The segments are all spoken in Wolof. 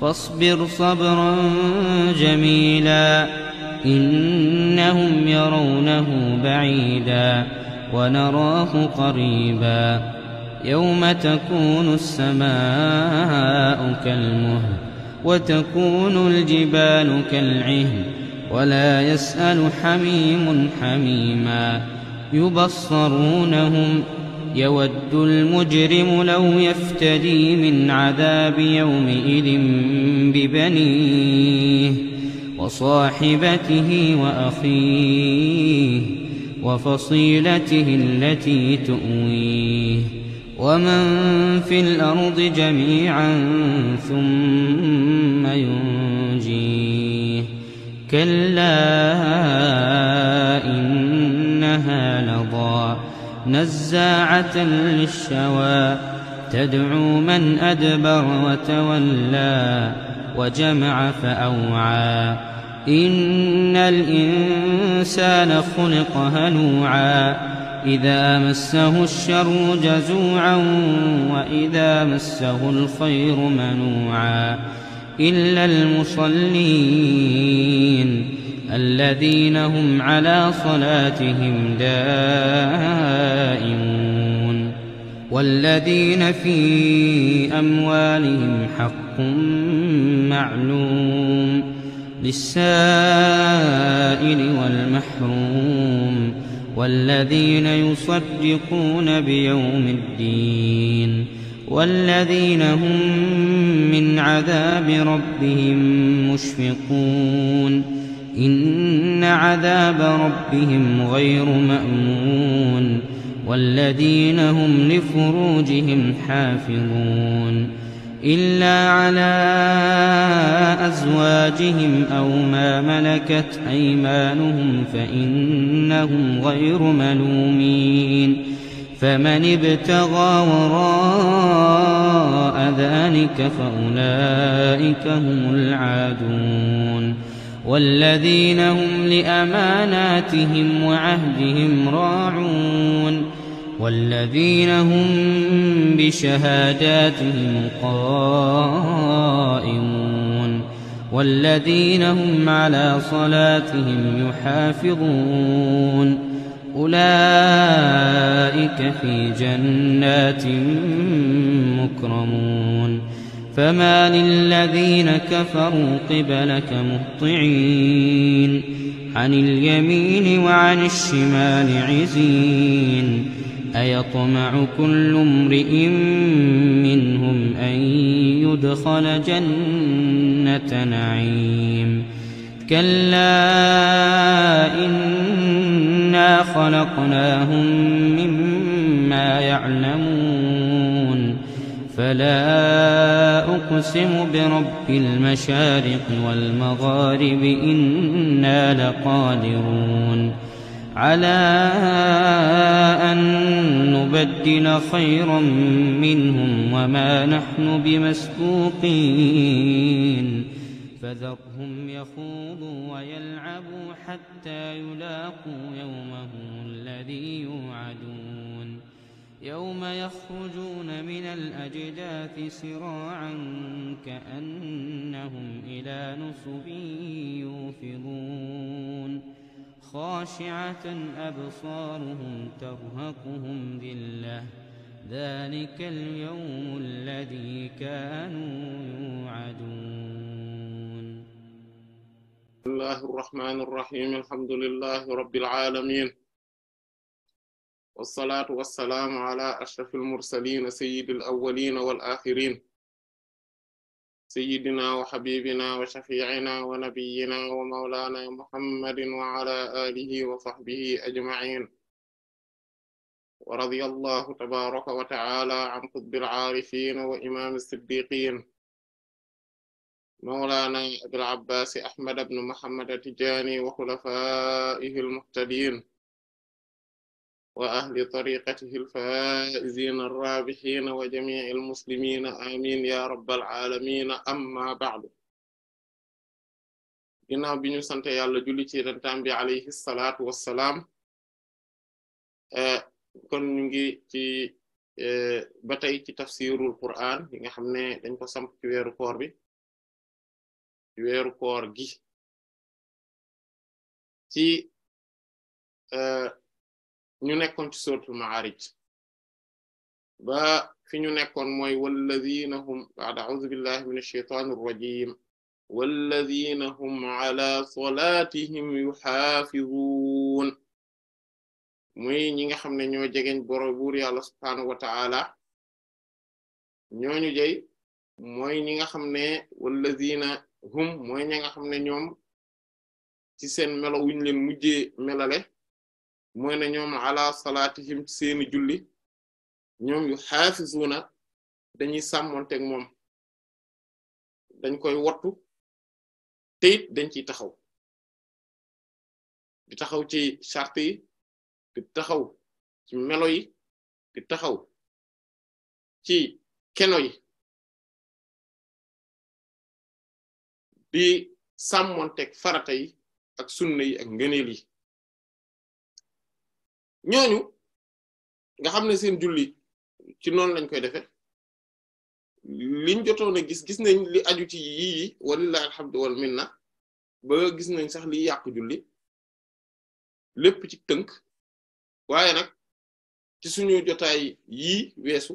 فاصبر صبرا جميلا إنهم يرونه بعيدا ونراه قريبا يوم تكون السماء كالمهل وتكون الجبال كالعهن ولا يسأل حميم حميما يبصرونهم يود المجرم لو يفتدي من عذاب يومئذ ببنيه وصاحبته وأخيه وفصيلته التي تؤويه ومن في الأرض جميعا ثم ينجيه كلا إنها لَظَى نزاعة للشوى تدعو من أدبر وتولى وجمع فأوعى إن الإنسان خلق هلوعا إذا مسه الشر جزوعا وإذا مسه الخير منوعا إلا المصلين الذين هم على صلاتهم دائما والذين في أموالهم حق معلوم للسائل والمحروم والذين يصدقون بيوم الدين والذين هم من عذاب ربهم مشفقون إن عذاب ربهم غير مأمون والذين هم لفروجهم حافظون إلا على أزواجهم أو ما ملكت أيمانهم فإنهم غير ملومين فمن ابتغى وراء ذلك فأولئك هم العادون والذين هم لأماناتهم وعهدهم راعون والذين هم بشهاداتهم قائمون والذين هم على صلاتهم يحافظون أولئك في جنات مكرمون فما للذين كفروا قبلك مهطعين عن اليمين وعن الشمال عزين أيطمع كل امرئ منهم أن يدخل جنة نعيم كلا إنا خلقناهم مما يعلمون فلا أقسم برب المشارق والمغارب إنا لقادرون على أن نبدل خيرا منهم وما نحن بمسبوقين فذرهم يخوضوا ويلعبوا حتى يلاقوا يومهم الذي يوعدون يوم يخرجون من الأجداث سراعا كأنهم إلى نصب يوفضون خاشعة أبصارهم ترهقهم ذلة ذلك اليوم الذي كانوا يوعدون الله الرحمن الرحيم الحمد لله رب العالمين والصلاة والسلام على أشرف المرسلين سيد الأولين والآخرين سيدنا وحبيبنا وشفيعنا ونبينا ومولانا محمد وعلى آله وصحبه أجمعين ورضي الله تبارك وتعالى عن قطب العارفين وإمام الصديقين مولانا أبو العباس أحمد بن محمد التجاني وخلفائه المهتدين وأهل طريقته الفائزين الرابحين وجميع المسلمين آمين يا رب العالمين أما بعد ginnaaw bi ñu sante yàlla julli ci yonentam bi alayhi salaatu wassalaam kon ñu ngi ci ba tey ci tafsirul Qur'an yi nga xam ne dañ ko samp ci weeru koor bi ci weeru koor gi ci ñu nekkoon ci suratul ma'arij ba fi ñu nekkoon mooy walladhina hum a'udhu billahi minash shaitanir rajim walladhina hum 'ala salatihim yuhafizun muy ñi nga xam ne ñoo jegeñ boro buur yàlla subhanahu wa ta'ala ñooñu jey mooy ñi nga xam ne walladhina hum mooy ñi nga xam ne ñoom ci seen melo wuñ leen mujjee melale mooy ne ñoom ala salaatihim seeni julli ñoom yu xaafizuuna dañuy sàmmonteeg moom dañ koy wattu te dañ ciy taxaw di taxaw ci charte di taxaw ci melo yi di taxaw ci keno yi di sàmmonteeg farata yi ak sunna yi ak ngëneel yi ñooñu nga xam ne seen julli ci noonu lañ koy defee liñ jotoon a gis gis nañ li aju ci yii yi walillahi alhamdu wal minna ba gis nañ sax li yàqu julli lépp ci tënk waaye nag ci suñu jotaay yii weesu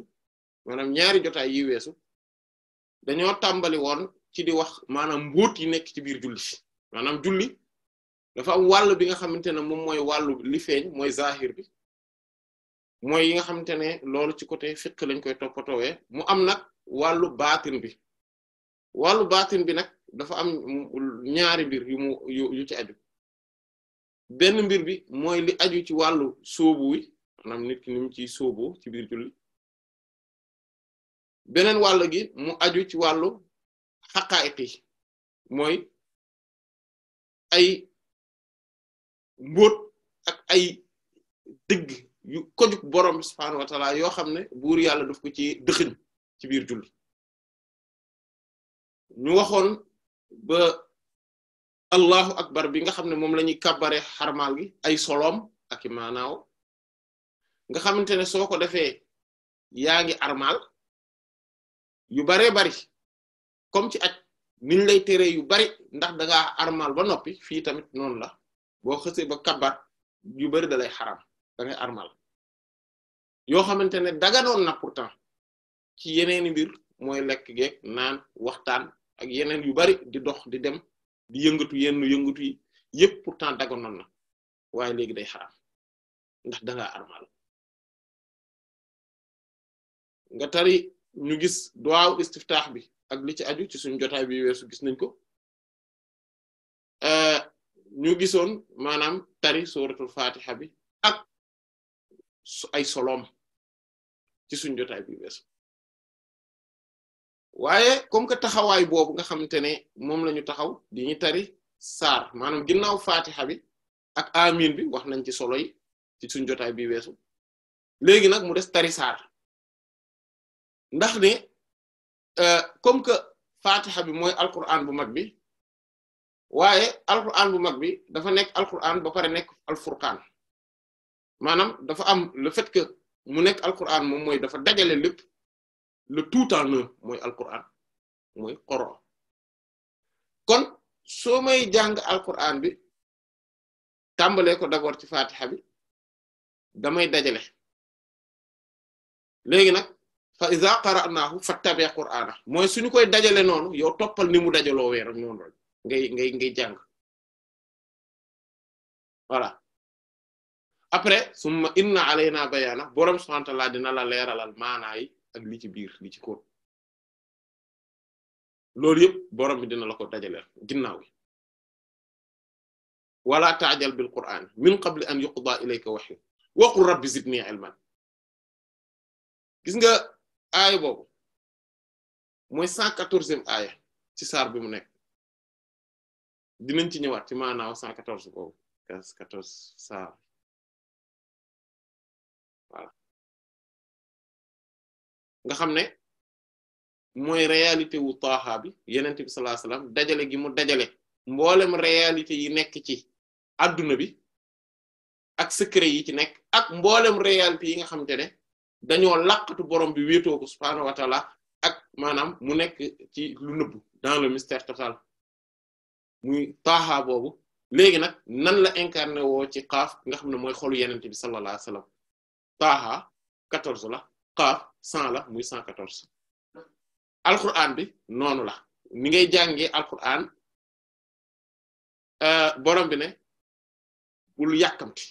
maanaam ñaari jotaay yii weesu dañoo tàmbali woon ci di wax maanaam mbóot yi nekk ci biir julli maanaam julli dafa am wàll bi nga xamante ne moom mooy wàllu li feeñ mooy zahir bi mooy yi nga xamante ne loolu ci côté fiqh lañ koy toppatoowee mu am nag wàllu baatin bi wàllu baatin bi nag dafa am ñaari mbir yu ci aju benn mbir bi mooy li aju ci wàllu sóobu wi maanaam nit ki ni mu ciy sóobu ci biir julli beneen wàll gi mu aju ci wàllu xaqaayiq yi mooy ay mbóot ak ay dëgg yu ko jug borom bi yoo xam ne buur yàlla daf ko ci dëxëñ ci biir julli ñu waxoon ba allahu akbar bi nga xam ne moom la ñuy kàbbare xarmal gi ay solom ak i maanaaw nga xamante ne soo ko defee yaa ngi armal yu baree bari comme ci at niñ lay tere yu bari ndax daga armal ba noppi fii tamit noonu la boo xësee ba kabar yu bari da lay xaram da armal yoo xamante ne daganoon na pourtant ci yeneeni mbir mooy lekk geeg naan waxtaan ak yeneen yu bari di dox di dem di yëngatu yenn yëngatu yi yëpp pourtant daganoon na waaye léegi day xaram ndax da nga armal nga tari ñu gis duwaaw istiftaax bi ak li ci aju ci suñu jotaay bi weesu gis nañ ko ñu gisoon maanaam tari suratul fatiha bi ak ay solom ci suñ jotaay bi weesu waaye comme que taxawaay boobu nga xamante ne moom la taxaw di ñu tari sar maanaam ginnaaw fatiha bi ak amin bi wax nañ ci solo yi ci suñ jotaay bi weesu léegi nag mu des tari sar ndax ne euh, comme que fatiha bi mooy alquran bu mag bi waaye alquran bu mag bi dafa nekk alquran ba pare nekk alfurqaan maanaam dafa am le fait mu nekk alquran moom mooy dafa dajale lépp le tout en un mooy alquran mooy Coran kon soo may jàng alquran bi tàmbalee ko d'abord ci fatiha bi damay dajale léegi nag fa naaxu iza qara'nahu fattabi' a mooy su ñu koy dajale noonu yow toppal ni mu dajaloo weer noonu rek ngay ngay ngay jàng voilà après summa inna alayna bayana borom subhanahu wa ta'ala dina la leeralal maanaa yi ak li ci biir li ci ko loolu yëpp borom bi dina la ko dajaleel ginnaaw gi wala bil qur'an min qabli an yuqda ilayka wahyu wa qul rabbi zidni ilman gis nga aaya boobu mooy cent quatorzième aaya ci saar bi mu nekk dinañ ci ñëwaat ci maanaaw cent quatorze boobu quinze quatorze saar voilà nga xam ne mooy réalité wu taaxa bi yenent bi sallallahu alayhi dajale gi mu dajale mboolem réalité yi nekk ci adduna bi ak secret yi ci nekk ak mboolem réalité yi nga xamante ne dañoo laqatu borom bi wéetoo ko subhaanahu ak maanaam mu nekk ci lu nëbbu dans le mystère total muy taaxaa boobu léegi nag nan la incarné woo ci xaaf nga xam ne mooy xolu yenente bi sallallahu alayhi wasallam taaxaa quatorze la xaaf cent la muy cent quatorze alquran bi noonu la ni ngay jàngee alquran euh, borom bi ne bul yàkkamti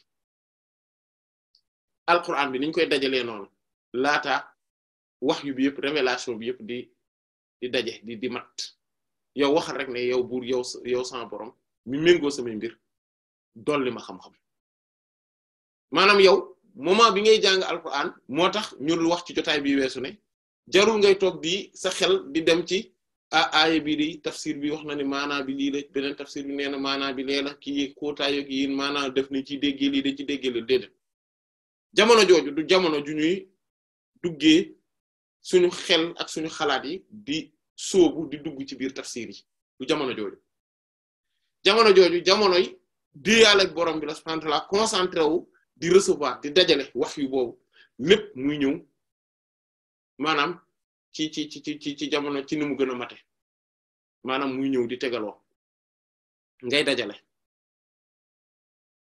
alquran bi niñ koy dajalee noonu laata wax yu bi yëpp révélation bi yëpp di daje di di mat yow waxal rek na yow buur yow yow sama borom mi méngoo samay mbir dolli ma xam-xam maanaam yow moment bi ngay jàng alquran moo tax ñun wax ci jotaay bi weesu ne jarul ngay toog di sa xel di dem ci a aaya bi di tafsir bi wax na ne maanaa bi lii la beneen tafsir bi nee na maanaa bi lee ki kii kóotaayoog yéen maanaa def nañ ci déggee lii da ci déggee la déedéet jamono jooju du jamono ju ñuy duggee suñu xel ak suñu xalaat yi di sóobu di dugg ci biir tafsir yi du jamono jooju jamono jooju jamonoy di ak borom bi la subhanahu wa ta'ala wu di recevoir di dajale wax yu boobu lépp muy ñëw maanaam ci ci ci ci ci jamono ci ni mu gën a mate maanaam muy ñëw di tegaloo ngay dajale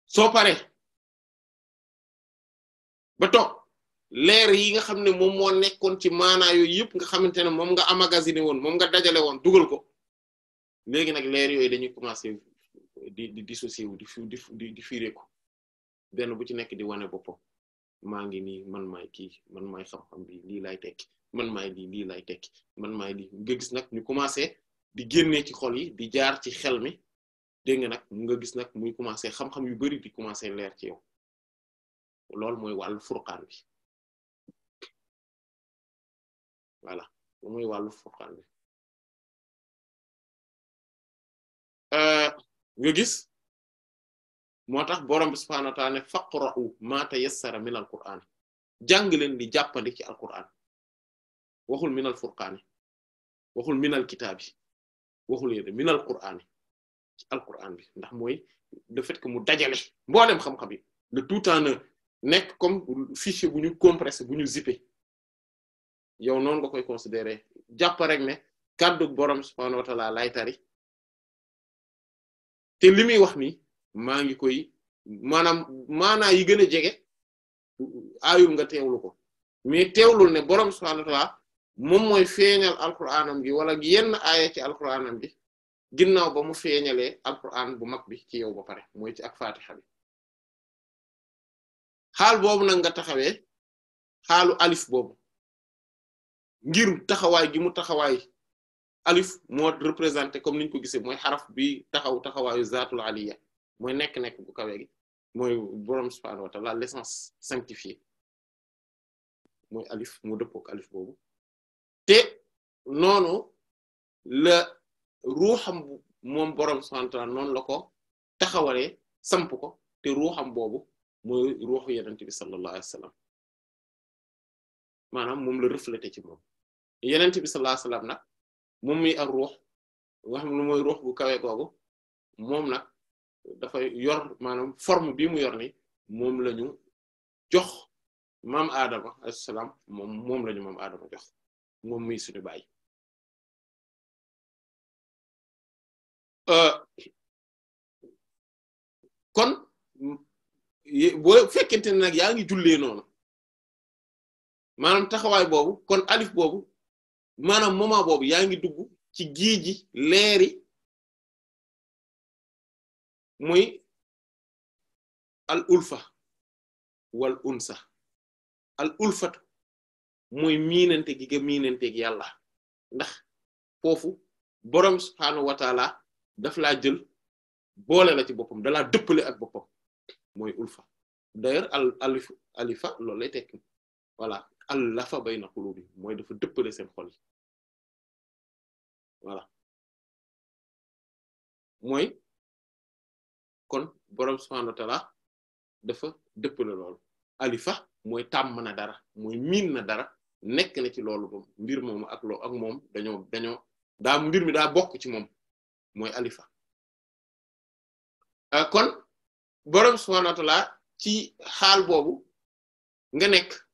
soo pare ba leer yi nga xam ne moom moo nekkoon ci maanaa yooyu yëpp nga xamante ne moom nga amagasiné woon moom nga dajale woon dugal ko léegi nag leer yooyu dañuy commencer di di dissocier wu di di di di firé ko benn bu ci nekk di wane boppam maa ngi nii man may kii man may xam-xam bi lii laay tekki man maay lii lii laay tekki man maay di nga gis nag ñu commencer di génnee ci xol yi di jaar ci xel mi dégg nga nag nga gis nag muy commencer xam-xam yu bari di commencer leer ci yow loolu mooy wàllu furqaan bi. voilà muy wàllu furqaan bi nga gis moo tax borom bi subhaanahu wa ta'aala ne faqra'u min al-qur'aan jàng leen di jàppandi ci al-qur'aan waxul min al-furqaani waxul min al-kitaabi waxul min al-qur'aani ci al-qur'aan bi ndax mooy le fait que mu dajale mboolem xam-xam yi le tout en nekk comme fichier bu ñu compressé bu ñu zippé yow noonu nga koy considérer jàpp rek ne kàddu borom subhaanahu wa ta'ala lay tari te li muy wax nii maa ngi koy maanaam maanaa yi gën a jege aayul nga teewlu ko mais teewlul ne borom subhaanahu wa ta'ala moom mooy feeñal alquraanam gi wala yenn aaya ci alquraanam bi ginnaaw ba mu feeñalee alquraan bu mag bi ci yow ba pare mooy ci ak faatixa bi xaal boobu nag nga taxawee xaalu alif boobu ngir taxawaay gi mu taxawaay alif moo représenté comme niñ ko gisee mooy xaraf bi taxaw taxawaayu zaatul aliya mooy nekk-nekk bu kawe gi mooy borom subhaanahu wa ta'ala l'essence sanctifiée moy alif mu dëppook alif boobu te noonu la ruuxam moom borom subhaanahu wa ta'ala noonu la ko taxawalee samp ko te ruuxam boobu mooy ruuxu yonent bi sallallahu alayhi wa sallam maanaam moom la reflété ci yenent bi sallallahu alayhi wasallam nag moom mi ak ruux nga xam mooy ruux bu kawe googu moom nag dafa yor maanaam forme bi mu yor ni moom la jox maam Adama alayhi salaam moom moom la ñu maam Adama jox moom muy suñu baay euh, kon boo fekkente ne nag yaa ngi jullee noonu maanaam taxawaay boobu kon alif boobu maanaam moment boobu yaa ngi dugg ci géeji leeri muy al ulfa wal unsa al ulfatu mooy miinante gi nga miinanteeg yàlla ndax foofu boroom subhaanahu watala taala daf laa jël boole la ci boppam dalaa dëppale ak boppam mooy ulfa d'ailleurs al alifa alifa loolu lay tekki allafa bayna qulubi mooy dafa dëppale seen xol yi mooy kon borom subhanahu wa dafa dëppale loolu alifa mooy tàmm na dara mooy miin na dara nekk na ci loolu moom mbir moomu ak moom dañoo dañoo daa mbir mi daa bokk ci moom mooy alifa euh, kon borom subhanahu ci xaal boobu nga nekk.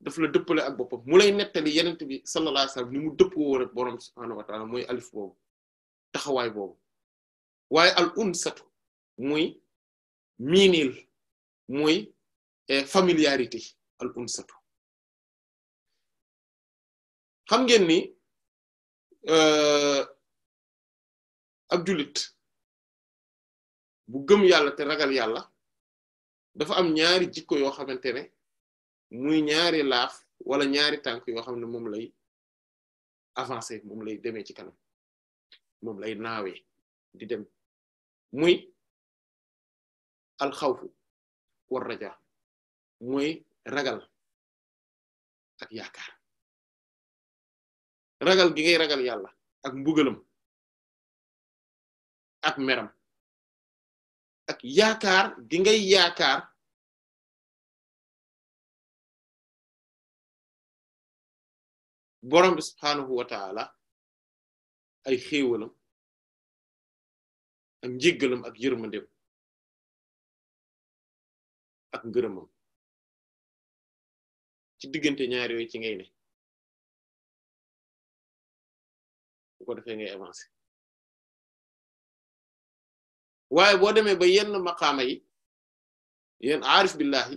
daf la dëppale ak boppam mu lay nettali yenent bi sallallahu alayhi wasallam ni mu dëppoo woon ak borom subhaanahu wa mooy alif boobu taxawaay boobu waaye al unsatu muy miinil muy eh, familiarité al unsatu xam ngeen ni eh, ab julit bu gëm yàlla te ragal yàlla dafa am ñaari jikko yoo xamante ne muy ñaari laaf wala ñaari tànk yoo xam ne moom lay avancer moom lay demee ci kanam moom lay naawee di dem muy alxawfu war raja muy ragal ak yaakaar ragal gi ngay ragal yàlla ak mbugalam ak meram ak yaakaar gi ngay yaakaar borom bi subhaanahu wa taala ay xéewalam ak njéggalam ak yërmandeem ak ngërëmam ci diggante ñaar ci ngay ne bu ko defee waaye boo demee ba yenn maqaama yi yen aarif billahi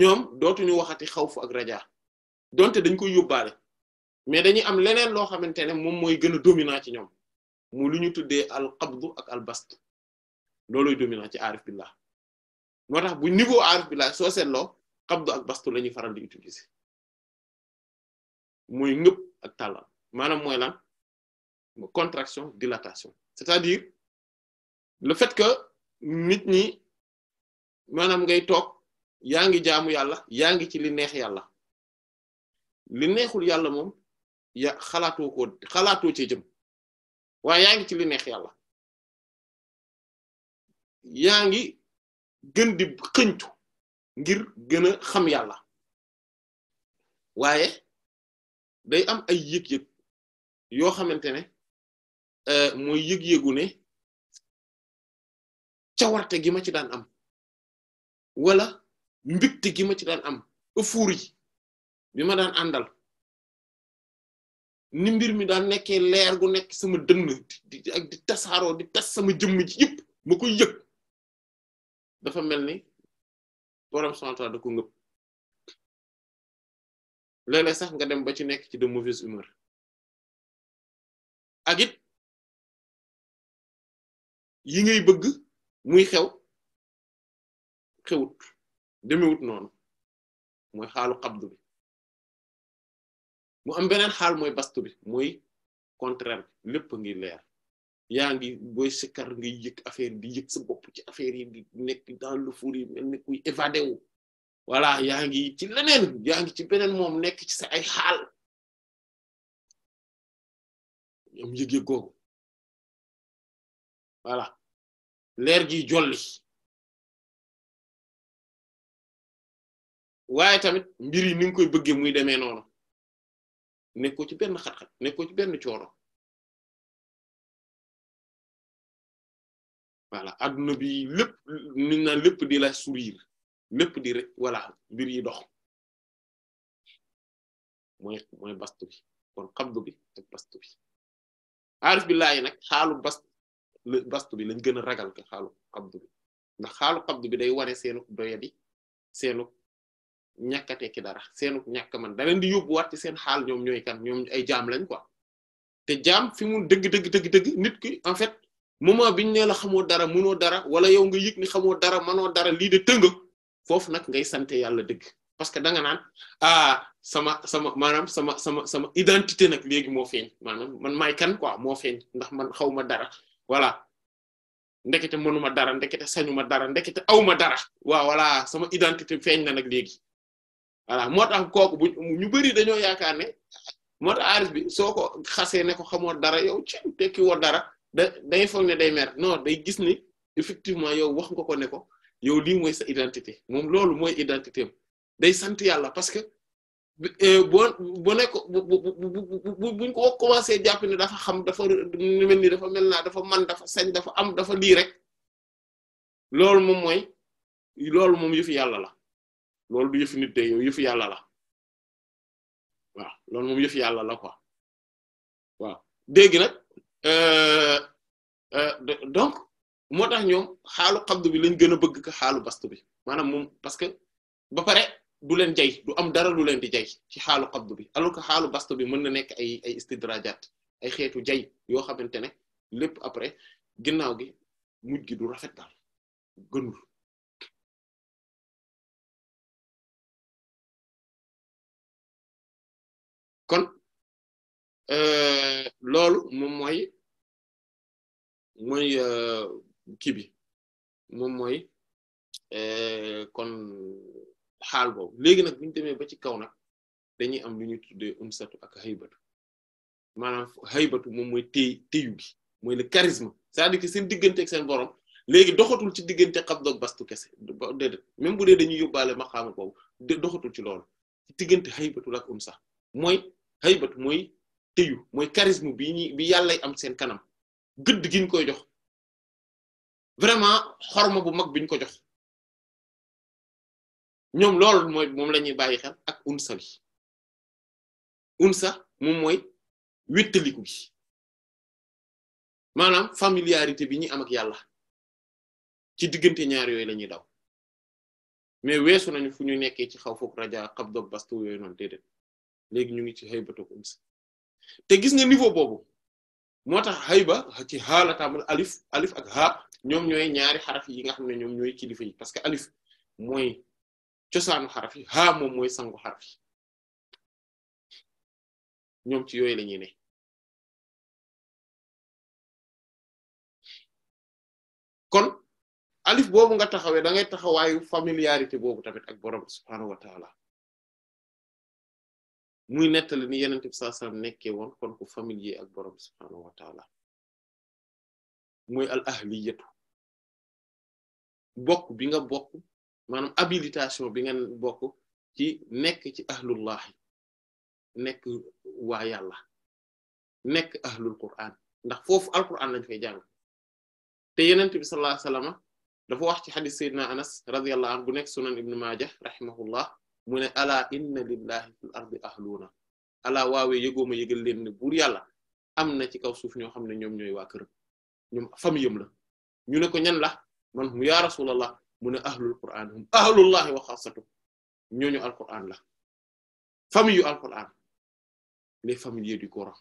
ñoom dootuñu waxati xawfu ak raja donte dañ koy yóbbaale mais dañuy am leneen loo xamante ne moom mooy gën a dominant ci ñoom mu lu ñu tuddee al qabdu ak al bast looloy dominant ci aarif billah moo tax bu niveau aarif billah soo seetloo qabdu ak bastu lañuy faral di utiliser mooy ngëb ak tàllal maanaam mooy lan contraction dilatation c'est-à-dire le fait que nit ñi maanaam ngay toog yaa ngi jaamu yàlla yaa ngi ci li neex yàlla li neexul yàlla moom ya xalaatoo ko xalaatoo cee jëm waaye yaa ngi ci li neex yàlla yaa ngi gën di xëñtu ngir gën a xam yàlla waaye day am ay yëg-yëg yoo xamante ne euh, mooy yëg-yëgu ne cawarte gi ma ci daan am wala mbigte gi ma ci daan am ëfuur yi bi ma daan àndal ni mbir mi daal nekke leer gu nekk sama dënn di ak di di tas sama jëmm ji yëpp ma koy yëg dafa mel ni borom santal da ko ngëp léeg-léeg sax nga dem ba ci nekk ci de mauvaise humeur ak yi ngay bëgg muy xew xewut demewut noonu mooy xaalu xabdu bi mu am beneen xaal mooy bastu bi mooy contraire bi lépp ngi leer yaa ngi booy sikkar ngay yëg affaire di yëg sa bopp ci affaire yi di nekk dan le four yi mel ni voilà yaa ngi ci leneen yaa ngi ci beneen moom nekk ci sa ay xaal am yëg-yëg googu voilà leer gi jolli waaye tamit mbir yi ni nga koy bëggee muy demee noonu nekkoo ci benn xat-xat nekkoo benn coono voilà adduna bi lépp ni naan lépp di la sourire lépp di rek voilà mbir yi dox mooy mooy bastu bi kon xabdu bi ak bastu bi aarif billaahi nag xaalu bast bastu bi lañ gën a ragal ka xaalu xabdu bi ndax xaalu xabdu bi day wane seenu doyadi seenu ñàkkatee ki dara seenu ñak man da len di wat ci seen xal ñom ñoy kan ñom ay Jam, lañ quoi te jam fi mu deug deug deug deug nit ki en fait moment biñ nee la xamoo dara mëno dara wala yow nga yëg ni xamoo dara mëno dara li de teung fof nak ngay sante yalla deug parce que da nga nan ah sama sama manam sama sama sama identité nak léegi mo feñ manam man may kan quoi mo feñ ndax man xawma ma dara voilà ndekete mënuma dara ndekete sañuma dara ndekete awma dara wa voilà sama identité feñ na nak léegi voilà moo tax kooku bu ñu bëri dañoo yaakaar ne moo tax aarif bi soo ko xasee ne ko xamoo dara yow ci tekki woo dara da day foog ne day mer non day gis ni effectivement yow wax nga ko ne ko yow lii mooy sa identité moom loolu mooy identité day sant yàlla parce que euh, boo boo nekk bu buñ ko commencé jàpp ne dafa xam dafa mel ni dafa mel naa dafa man dafa sañ dafa am dafa lii rek loolu moom mooy loolu moom yëfi yàlla la. loolu du yëfu nit de yow yëfu yàlla la waaw loolu moom yëfu yàlla la quoi waaw dégg nag euh, euh, euh, donc moo tax ñoom xaalu xabdu bi lañ gën a bëgg ka xaalu bastu bi maanaam moom parce que ba pare du leen jay du am dara lu leen di jay ci xaalu xabdu bi alors que xaalu bastu bi mën na nekk ay ay istidrajaat ay xeetu jay yoo xamante ne lépp après ginnaaw gi mujj gi du rafet daal kon euh, loolu moom mooy mooy euh, kii bi moom mooy euh, kon xaal boobu léegi nag bu ñu demee ba ci kaw nag dañuy am lu ñuy tuddee satu ak xaybatu maanaam xaybatu moom mooy téy téyu gi mooy le charisme saa à dire que seen diggante seen borom léegi doxatul ci diggante qabd ak bastu kese déedéet même bu dee dañuy yóbbaale maqaama boobu doxatul ci loolu ci diggante xaybatu ak umsa mooy bët mooy tëyu mooy charisme bi ñuy bi yàllay am seen kanam gëdd gi ñu koy jox vraiment xorma bu mag biñ ko jox ñoom loolu mooy moom la ñuy bàyyi xel ak unsa bi unsa moom mooy wéttaliku gi maanaam familiarité bi ñuy am ak yàlla ci diggante ñaar yooyu la ñuy daw mais weesu nañu fu ñu nekkee ci xaw foog raja xab dob bastu yooyu noonu déedéet léegi ñu ngi ci xaybatu unsi te gis nga niveau boobu moo tax xayba ci xaa alif alif ak xaa ñoom ñooy ñaari xaraf yi nga xam ne ñoom ñooy kilifa yi parce que alif mooy cosaanu xaraf yi xaa moom mooy sangu xaraf yi ñoom ci yooyu la ñuy kon alif boobu nga taxawee da ngay taxawaayu familiarité boobu tamit ak borom subhaanahu wa taala muy nettali ni yenent bi sallallahu alayhi wasallam nekkee woon kon ku familier ak borom subhaanahu wa taala muy al ahliyatu bokk bi nga bokk maanaam habilitation bi nga bokk ci nekk ci ahlullahi nekk wa yàlla nekk ahlul qur'an ndax foofu alqur'an lañ fay jàng te yenent bi sallallahu alayhi wasallam wax ci xadis sayyidina anas radiyallahu anhu bu nekk sunan ibn majah rahimahullah mu ne ala inna lillahi fil ardi ahluuna ala waawee yëgooma yëgal leen ne buur yàlla am na ci kaw suuf ñoo xam ne ñoom ñooy waa këram ñoom famiyam la ñu ne ko ñan la man hum ya rasulallah mu ne ahlul qur'an hum ahlullahi wa xaasatu ñooñu alquran la famille yu alquran les familles du Coran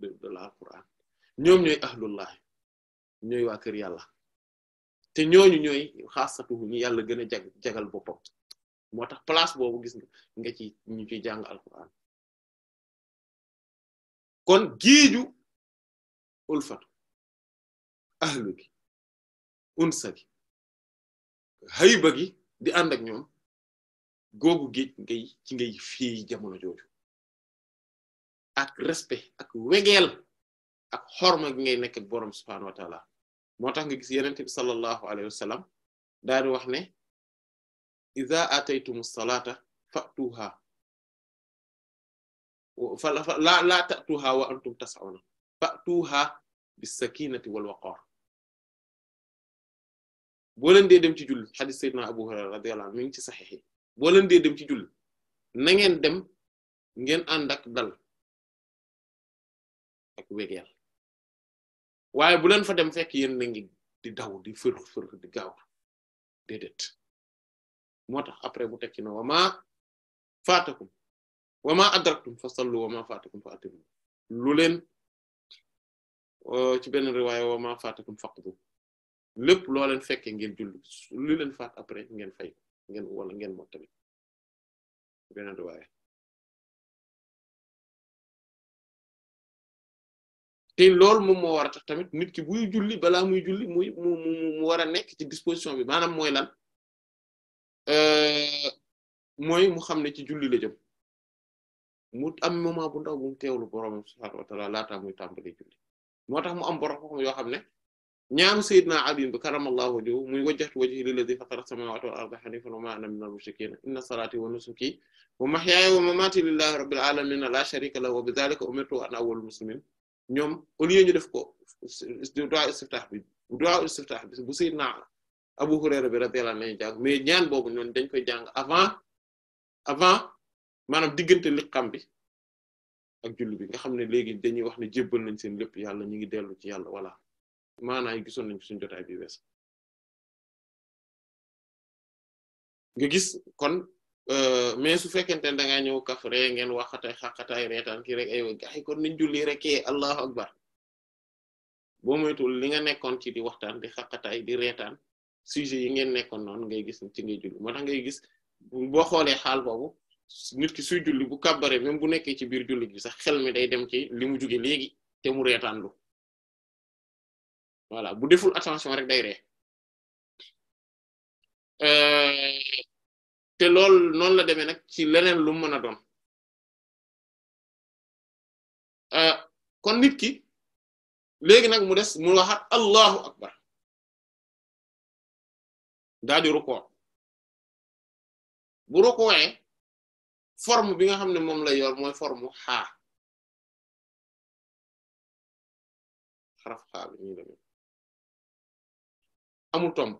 de de l'alquran ñoom ñooy ahlullahi ñooy waa kër yàlla te ñooñu ñooy xaasatuhu ñi yàlla gën a jag jagal moo tax place boobu gis nga nga ci ñu ciy jàng alquran kon géeju ulfatu ahlu gi unsa gi hayba gi di ànd ñoom googu géej ngay ci ngay fii jamono jooju ak respect ak wegeel ak xorma gi ngay nekk boroom subhaanahu wa taala moo tax nga gis yenente bi sallallahu alayhi wa sallam daal di wax ne iza ataytumu salata fa'tuha fa la la ta'tuha wa antum tas'una fa'tuha bis sakinati wal waqar boo leen dee dem ci julli hadith sayyidina Abu Hurayra radiyallahu anhu mi ngi ci saxiix boo leen dee dem ci jul na dem ngeen ànd ak ak wégeel waaye bu leen fa dem fekk yéen na ngi di daw di fër fër di gaaw déedéet motax après bu tekki na wama ma faatakum wa ma adraktum fa sallu wa ma fa lu len euh, ci ben riwaya wa ma faatakum faqdu lepp lo len fekke ngeen julli lu len fat après ngeen fay ngeen wala ngeen mottali benn riwaaya te loolu moom mo war tax tamit nit ki buy julli bala muy julli muy mu mu mu war a ci disposition bi manam moy lan Euh, mooy mu xam ne ci julli la jëm mu am moment bu ndaw bu mu teewlu borom subhaanahu wa ta'aala muy tàmbalee julli moo tax mu am borom xam yoo xam ne ñaanu sayyidina Ali bi karamallahu wajhahu muy wajjahtu wajhi lilladhi fatara as a wal arda haniifan wa maa ana minal mushrikiin inna salaati wa nusuki wa mahyaaya wa mamaati lillahi rabbil aalamiina laa shariika lahu wa bidhaalika umirtu wa ana awwalul muslimiin ñoom au lieu ñu def ko du'a istiftah bi du'a istiftah bi bu sayyidina Abu Hurairah bi radiyallahu anhu jang mais ñaan bobu ñun dañ koy jang avant avant digënté li xam bi ak jullu bi nga xamné légui dañuy wax ni jébal nañ seen lepp yalla ñi ngi déllu ci yalla wala manay gisoon nañ suñu jotaay bi wess nga gis kon euh, mais su fekkente da nga ñëw kaf ree ngeen waxatay xaqataay reetaan ki rek ay gaay kon ni julli rek eh, allahu akbar bo moytu li nga nekkon ci di waxtan di xaqataay di reetaan sujet yi ngeen nekkoon noonu ngay gis ci ngay julli moo tax ngay gis boo xoolee xaal boobu nit ki suy julli bu kàbbare même bu nekkee ci biir julli bi sax xel mi day dem ci li mu jóge léegi te mu reetaanlu voilà bu deful attention rek day ree euh, te lool noonu la demee nag ci leneen lu mën a doon euh, kon nit ki léegi nag mu des mu waxaat allahu akbar daal di rukkoo bu rukkooee forme bi nga xam ne moom lay yor mooy formu xa xaraf xaa bi nii la amul tomb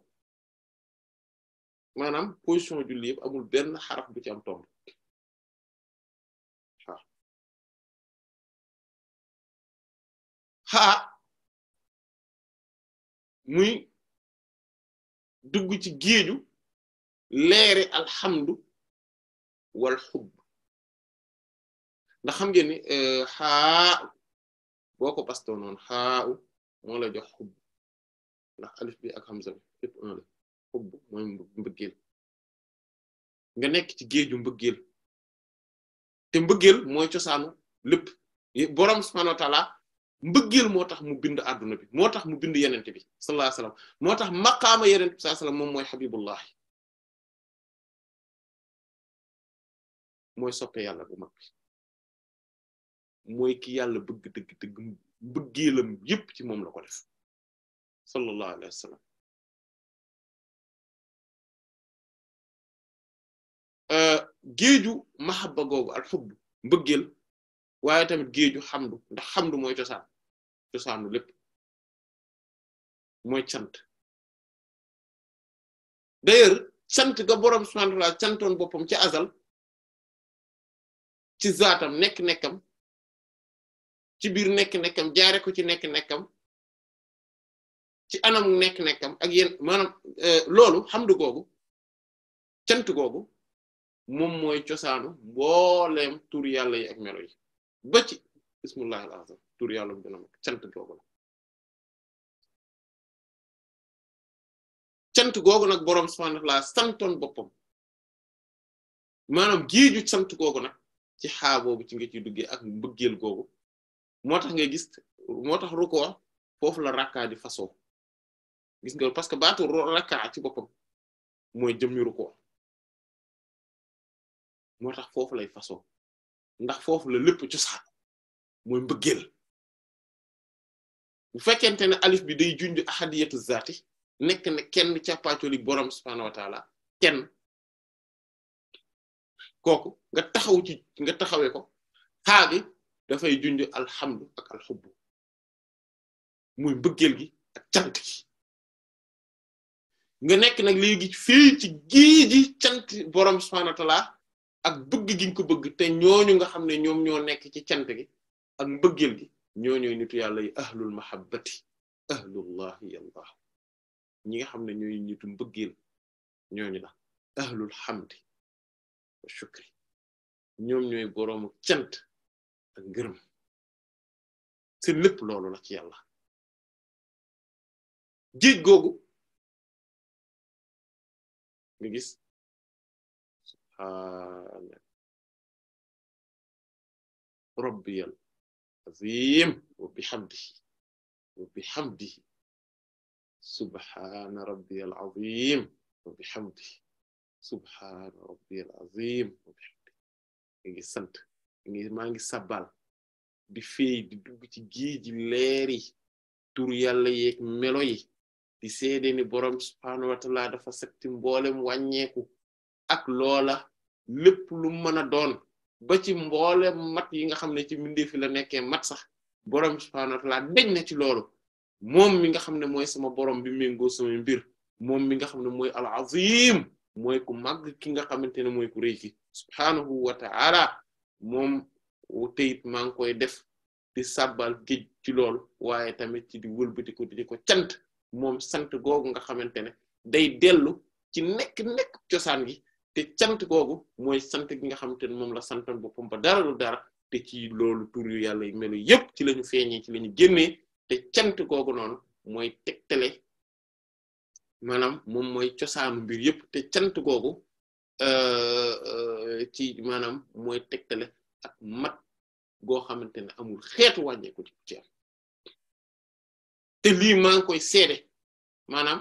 maanaam position julli amul benn xaraf bu ci tomb xaa xaa muy dugg ci géeju leeri alhamdu wal ndax xam ngeen ni euh, xaa boo ko pastoo noonu xaa moo la jox xubb ndax alif bi ak hamza lépp un la xubb mooy mbëggeel nga nekk ci géeju mbëggeel te mbëggeel mooy cosaanu lépp boroom subhaanahu wa ta'aala mbëggeel moo tax mu bind adduna bi moo tax mu bind yenente bi sallallahu alayhi moo tax maqaama yenente bi sallallahu alayhi moom mooy xabibullahi mooy soppe yàlla bu mag mooy ki yàlla bëgg dëgg dëgg mbëggeelam yépp ci moom la ko def sallallahu alayhi wasallam euh, géeju mahabba googu al xubb mbëggeel tamit géeju xamdu ndax xamdu mooy cosaan cosaanu lépp mooy cant d'ailleurs cant ga boroom subhaanahu wa ta'aala cantoon boppam ci asal ci zaatam nekk-nekkam ci biir nekk-nekkam jaare ko ci nekk-nekkam ci anam nekk-nekkam ak yéen maanaam euh, loolu xamdu googu cant googu moom mooy cosaanu mbooleem tur yàlla yi ak melo yi ba ci bismillahil tur yàlla bi dina cant googu la cant googu nag boroom subhaanahu wa santoon boppam maanaam géeju sant googu nag ci xaa boobu ci nga ciy duggee ak mbëggeel googu moo tax nga gis moo tax rukkoo foofu la rakkaa di façon gis nga parce que baatu rakkaa ci boppam mooy jëmmi rukkoo moo tax foofu lay façon ndax foofu la lépp cosaan mooy mbëggeel bu fekkente ne alif bi day junj ahadiyatu zaati nekk ne kenn càppaatolik borom subhaanahu wa kenn kooku nga taxaw nga taxawee ko xaa dafay junj alhamdu ak alxubbu muy mbëggeel gi ak cant gi nga nekk nag léegi fii ci gii ji cant borom subhaanahu wa ak bëgg gi ko bëgg te ñooñu nga xam ne ñoom ñoo nekk ci cant gi ak mbëggeel gi ñooñooy nitu yàlla yi ahlul mahabbati ahlullahi yallah ñi nga xam ne ñooy nitu mbëggeel ñooñu la ahlul shukri ñoom ñooy boroomu cant ak ngërëm si lépp loolu la ci yàlla géej googu nga gis subhaana rabbiyal azim wa bihamdihi wa bihamdihi subhana rabbiyal azim wa bihamdihi subhana rabbiyal azim wa bihamdihi mi sant mi ngi maa ngi sabbal di fey di dugg ci giij leeri tur yàlla yeeg melo yi di seede ni boroom subhaanahu wa dafa setti mboolem wàññeeku ak loola lépp lum mën a doon ba ci mboole mat yi nga xam ne ci mbindeef fi la nekkee mat sax borom subhaanahu wa ta'aala deñ na ci loolu moom mi nga xam ne mooy sama borom bi méngoo mbir moom mi nga xam ne mooy al azim mooy ku màgg ki nga xamante ne mooy ku rëy ki subhaanahu wa ta'aala moom te it maa ngi koy def di sabal géej ci loolu waaye tamit ci di wëlbati ko di ko cant moom sant googu nga xamante ne day dellu ci nekk nekk cosaan gi te cant googu mooy sant gi nga xamante ne moom la santan boppam ba dara lu dara te ci loolu tur yu yàlla yu melu yëpp ci la ñu feeñee ci la ñu génnee te cant googu noonu mooy tegtale maanaam moom mooy cosaanu mbir yëpp te cant googu euh, euh, ci maanaam mooy tegtale ak mat goo xamante ne amul xeetu wàññeeku ci am te lii maa ngi koy seede maanaam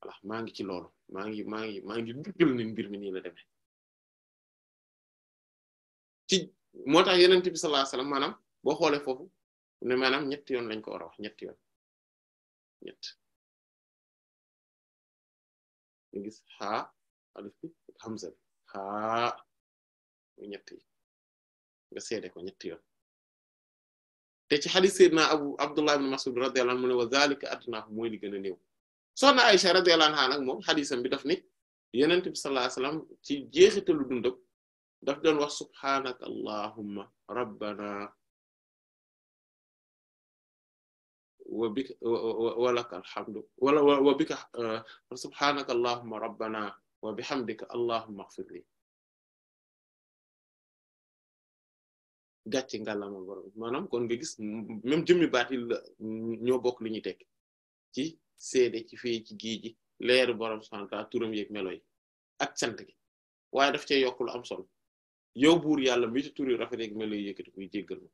voilà maa ngi ci loolu maa ngi maa ngi maa ngi duggal ne mbir mi nii la demee ci moo tax yeneen bi sallallahu maanaam boo xoolee foofu ne maanaam ñett yoon lañ ko war a wax ñett yoon ñu gis xaa alif bi hamza bi xaa nga seede ko ñett yoon te ci xadis seydna abu abdullah ibn mas'ud radiyallahu mooy li gën a néew soxna Aisha radhiyallahu anha nak mom haditham bi daf ni yenenbi sallallahu alayhi wasallam ci jeexitalu dundam daf don wax subhanaka allahumma rabbana wa bika wa lak alhamdu wala wa bika uh, subhanaka allahumma rabbana wa bihamdika allahumma ighfirli li ngalama borom manam kon nga gis même jëmmi baat yi la ñoo ci seede ci fii ci gii ji leeru borom subhanahu turam yeeg melo ak sant gi waaye daf cee yokk lu am sol yow buur yàlla mi ci tur yu rafet yeeg melo yi yëkkati kuy jéggal ma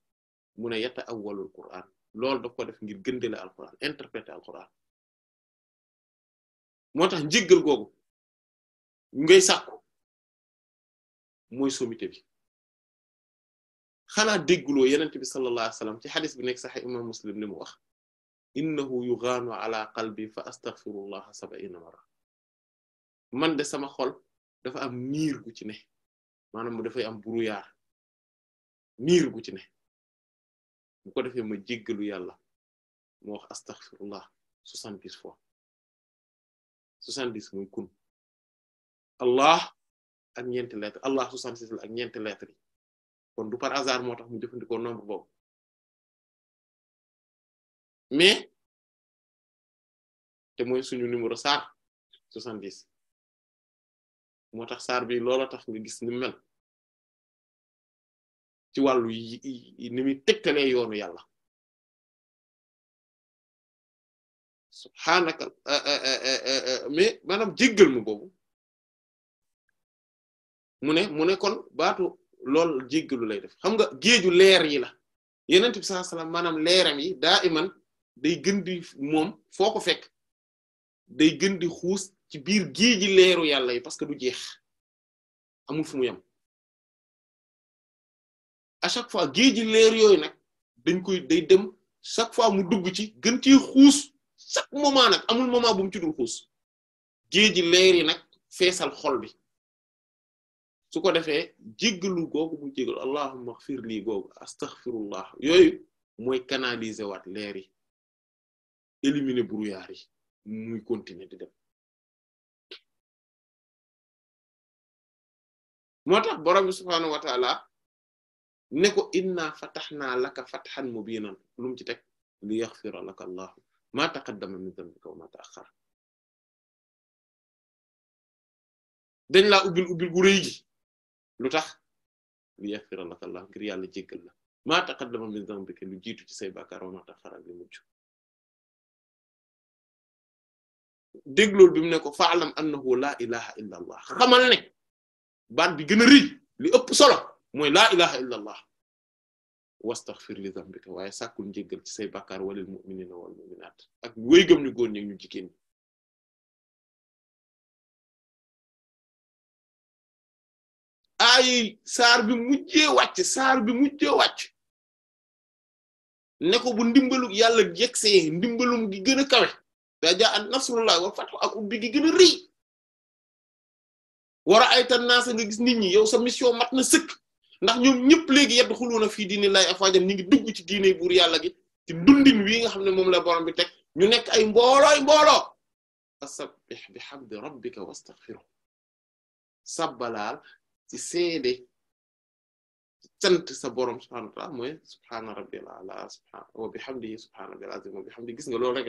mu ne yata awwalul Qur'an lool daf ko def ngir gëndale Alquran interpréter Alquran moo tax njéggal googu ngay sàkku mooy sommité bi xanaa dégguloo yenent bi sallallahu alayhi wasallam ci xadis bi nekk sax imam muslim li mu wax innahu yughaanu ala qalbi fa astaghfirullaha sab'ina marra man de sama xol dafa am niir gu ci ne maanaam dafay am brouillard niir gu ci bu ko defee ma jéggalu yàlla ma wax astaghfirullah soixante-dix fois soixante-dix muy kun allah ak ñeenti lettre allah soixante-six ak ñeenti lettre yi kon du par hasard moo tax mu jëfandikoo nombre boobu mais te mooy suñu numéro saar soixante-dix moo tax saar bi loola tax nga gis ni mel ci wàllu yi ni muy tëkkalee yoonu yàlla subhaanaka eh, eh, eh, mais maanaam jéggal ma boobu mu ne mu ne kon baatu lool jéggalu lay def xam nga géeju leer yi la yeneen bi sallallahu alayhi wasallam yi daa iman day gën di moom foo ko fekk day gën xuus ci biir géeji leeru yàlla yi parce que du jeex amul fu mu yem à chaque fois géeji leer yooyu nag dañ koy day dem chaque fois mu dugg ci gën xuus chaque moment nag amul moment bu ci dul xuus géeji leer yi nag feesal xol bi su ko defee jéggalu googu mu jéggalu allahumma xfir lii googu astaghfirullah yooyu mooy canaliser waat leer yi éliminer brouillard muy continuer di dem moo tax borom bi subhaanahu ne ko inna fatahnaa laka fathan mubiinan lu mu ci teg li yaxfira laka allahu ma taqaddama min dhanbika wa ma ta'akhkhara dañ laa ubbil ubbil gu rëy lu tax li yaxfira laka allahu ngir yàlla jéggal la ma taqaddama min dhanbika lu jiitu ci say bàkkaar wa ma ta'akhkhara li déglool bi mu ne ko fa'lam annahu laa ilaha illa allah xamal baat bi gën a li ëpp solo mooy laa ilaha illa allah wastaghfir li dhanbika waaye sàkkul njéggal ci say bakar walil mu'minina wal mu'minat ak wéy gëm ñu góor ñi ñu jigéen ñi saar bi mujjee wàcc saar bi mujjee wàcc ne ko bu ndimbalu yàlla yegsee ndimbalum gi gën a kawe daa jaa an nasrullahi wal fathu ak ubbi gi gën a rëy war a ay tannaasa nga gis nit ñi yow sa mission mat na sëkk ndax ñoom ñëpp léegi yadxuluuna fii diinillaahi afwaajan ñi ngi dugg ci diine buur yàlla gi ci dundin wi nga xam ne moom la borom bi teg ñu nekk ay mboolo mbooloo fasabbih bihamdi rabbika wastaghfiru sabbalaal ci seede sant sa borom subhaanahu wa ta'aala mooy subhaana rabbil a'laa subhaana wa bihamdihi subhaana rabbil aziim wa bihamdi gis nga loolu rek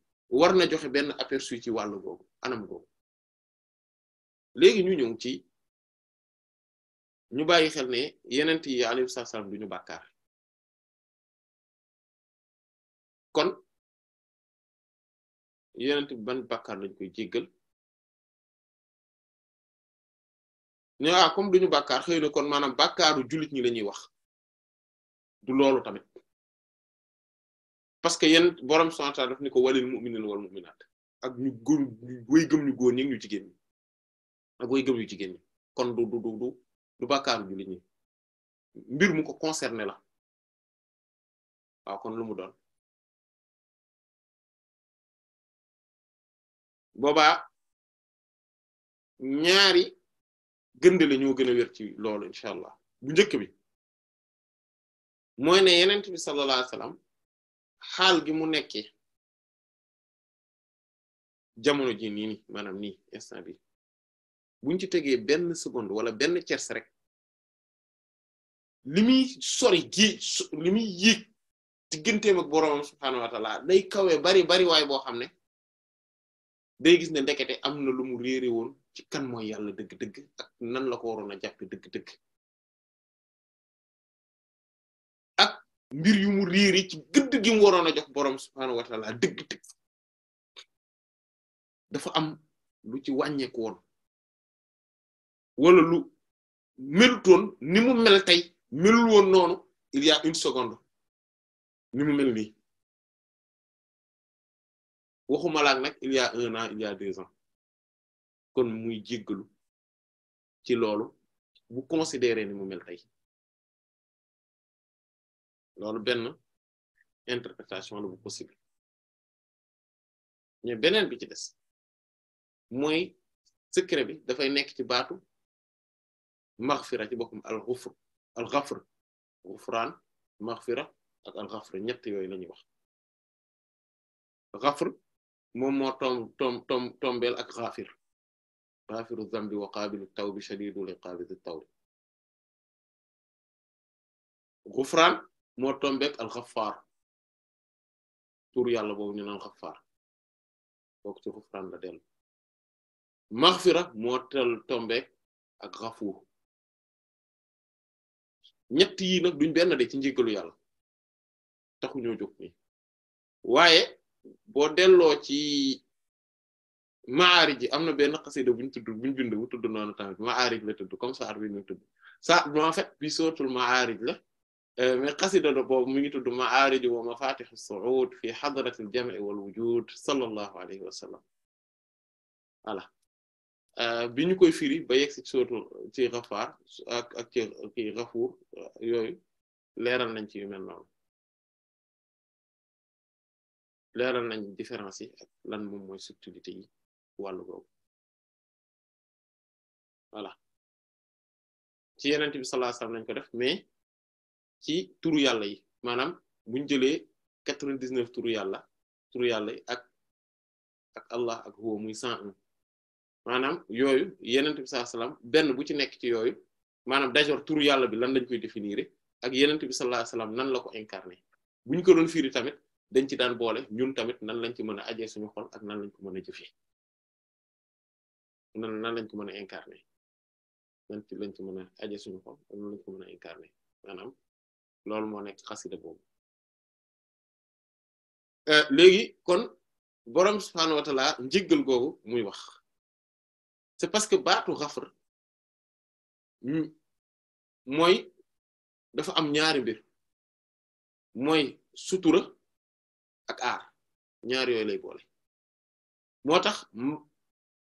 war na joxe benn aperçu ci wàll googu anam googu léegi ñu ñëw ci ñu bàyyi xel ne yenent yi alayhi salaam kon yenent ban bàkkaar lañ koy jéggal ne ah comme duñu bàkkaar xëy kon maanaam bàkkaaru jullit ñi la wax du loolu tamit parce que yéen borom subhaanahu wa ta'aala daf ni ko walil mu'miniina wal mu'minaat ak ñu góor way gëm ñu góor ñi ñu jigéen ñi ak way gëm ñu jigéen ñi kon du du du du bàkkaaru jullit ñi mbir mu ko concerné la wa kon lu mu doon boobaa ñaari gënd la ñoo gën a wér ci loolu incha allah bu njëkk bi mooy ne yeneen bi sallallahu xaal gi mu nekke jamono ji ni manam ni instant bi buñ ci tege ben seconde wala ben ciers rek limi sori gi limi yik digentem ak borom subhanahu wa ta'ala day kawé bari bari way bo xamné day gis né ndekété amna lu mu réré won ci kan moy yalla deug deug ak nan la ko warona jappé deug deug mbir yu mu réere ci gëdd gi mu waroon a jox borom subhaanahu wa taala dëgg dafa am lu ci wàññeeku woon wala lu melutoon ni mu mel tey noonu il y a une seconde ni mu mel nii waxuma laak nag il a un deux ans kon muy jéggalu ci loolu bu considérer ni mu mel loolu benn interprétation la bu possible mais beneen bi ci des mooy secret bi dafay nekk ci baatu maghfira ci boppam al ghufr al ghafr ghufran maghfira ak al ghafr ñett yooyu la ñuy wax ghafr moom moo tom tom tom tombeel ak ghafir ghafir dhanbi wa qabilu tawbi shadidul iqabi tawbi ghufran moo al alxafaar tur yàlla boobu ñu naan alxafaar bokk ci xufraan la dellu maxfira moo tel tombeek ak xafuur ñett yii nag duñ benn de ci njéggalu yàlla taxuñoo jóg ni waaye boo delloo ci maari ji am na benn xasida buñ tudd buñ bind bu tudd noonu tamit maari la tudd comme saar bi ñu tudd saar en fait bi sootul la آه، من قصيدة بوب ميتو دو معارج ومفاتيح الصعود في حضرة الجمع والوجود صلى الله عليه وسلم على بني كوي فيري بيكس سور تي غفار تي غفور يوي ليرال نانتي يو مل نون ليرال نان ديفيرانسي لان موم موي سوبتيليتي والو بوب فوالا تي يونتي بي صلى الله عليه وسلم نانكو ديف مي ci turu yàlla yi maanaam buñ jëlee quatre-vingt-dix-neuf turu yàlla turu yàlla yi ak ak Allah ak huwa muy cent un maanaam yooyu yenent bi sallallahu alayhi wasallam benn bu ci nekk ci yooyu maanaam dajor turu yàlla bi lan lañ koy définir ak yenent bi sallallahu alayhi nan la ko incarné buñ ko doon firi tamit dañ ci daan boole ñun tamit nan lañ ci mën a ajee suñu xol ak nan lañ ko mën a jëfee nan nan lañ ko mën a incarné nan lañ ci mën a ajee suñu xol mën a incarné loolu moo nekk xasida boobu euh, léegi kon boroom subhaanahu wa taala googu muy wax c'est parce que baatu xafr mooy dafa am ñaari mbir mooy sutura ak aar ñaar yooyu lay boole moo tax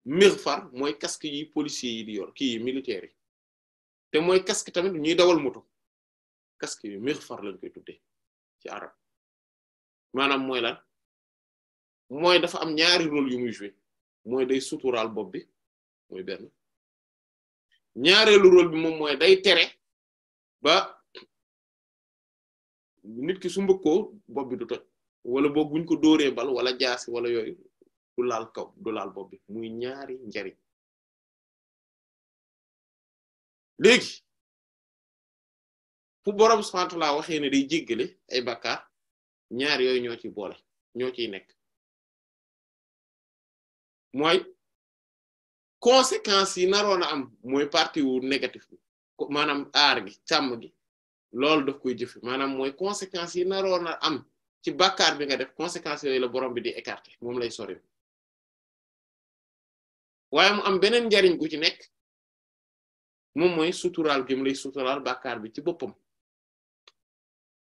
mixfar mooy casque yi policiers yi di kii yi yi te mooy casque tamit ñuy dawal moto casque yu mixfar lañ koy tuddee ci arab maanaam mooy lan mooy dafa am ñaari rôle yu muy jouer mooy day suturaal bopp bi mooy benn ñaareelu rôle bi moom mooy day tere ba nit ki su mbëkkoo bopp bi du toj wala boog guñ ko dóoree bal wala jaasi wala yooyu du laal kaw du laal bopp bi muy ñaari njariñ léegi fu borom subhanahu wa ta'ala waxee ne day jéggale ay bakkaar ñaar yooyu ñoo ci boole ñoo ciy nekk mooy conséquences yi naroon a am mooy partiwu wu négatif bi maanaam aar gi càmm gi loolu daf koy jëf maanaam mooy conséquences yi naroon a am ci bakaar bi nga def conséquences yooyu la borom bi di écarté moom lay sori waaye mu am beneen njariñ gu ci nekk moom mooy sutural gi mu lay suturaal bakkaar bi ci boppam.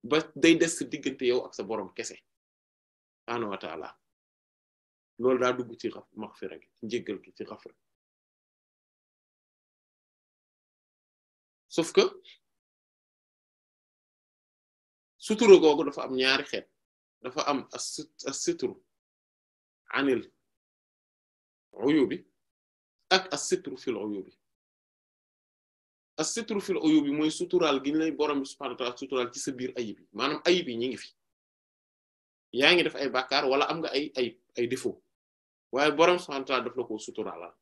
ba day dess digënté yow ak sa borom kessé subhaanahu wa taala lool da dugg ci xaf maxfira gi ci njéggal ci xaf rek sauf que suturu googu dafa am ñaari xet dafa am as sutru anil uyubi ak as sitru fil uyubi as-sitru fil uyubi mooy suturaal gi ñu lay borom bi subhaanahu wa ta'aala suturaal ci sa biir ayib yi maanaam ayib yi ñu ngi fi yaa ngi def ay bàkkaar wala am nga ay ay ay défaut waaye borom subhaanahu wa ta'aala daf la ko suturaalal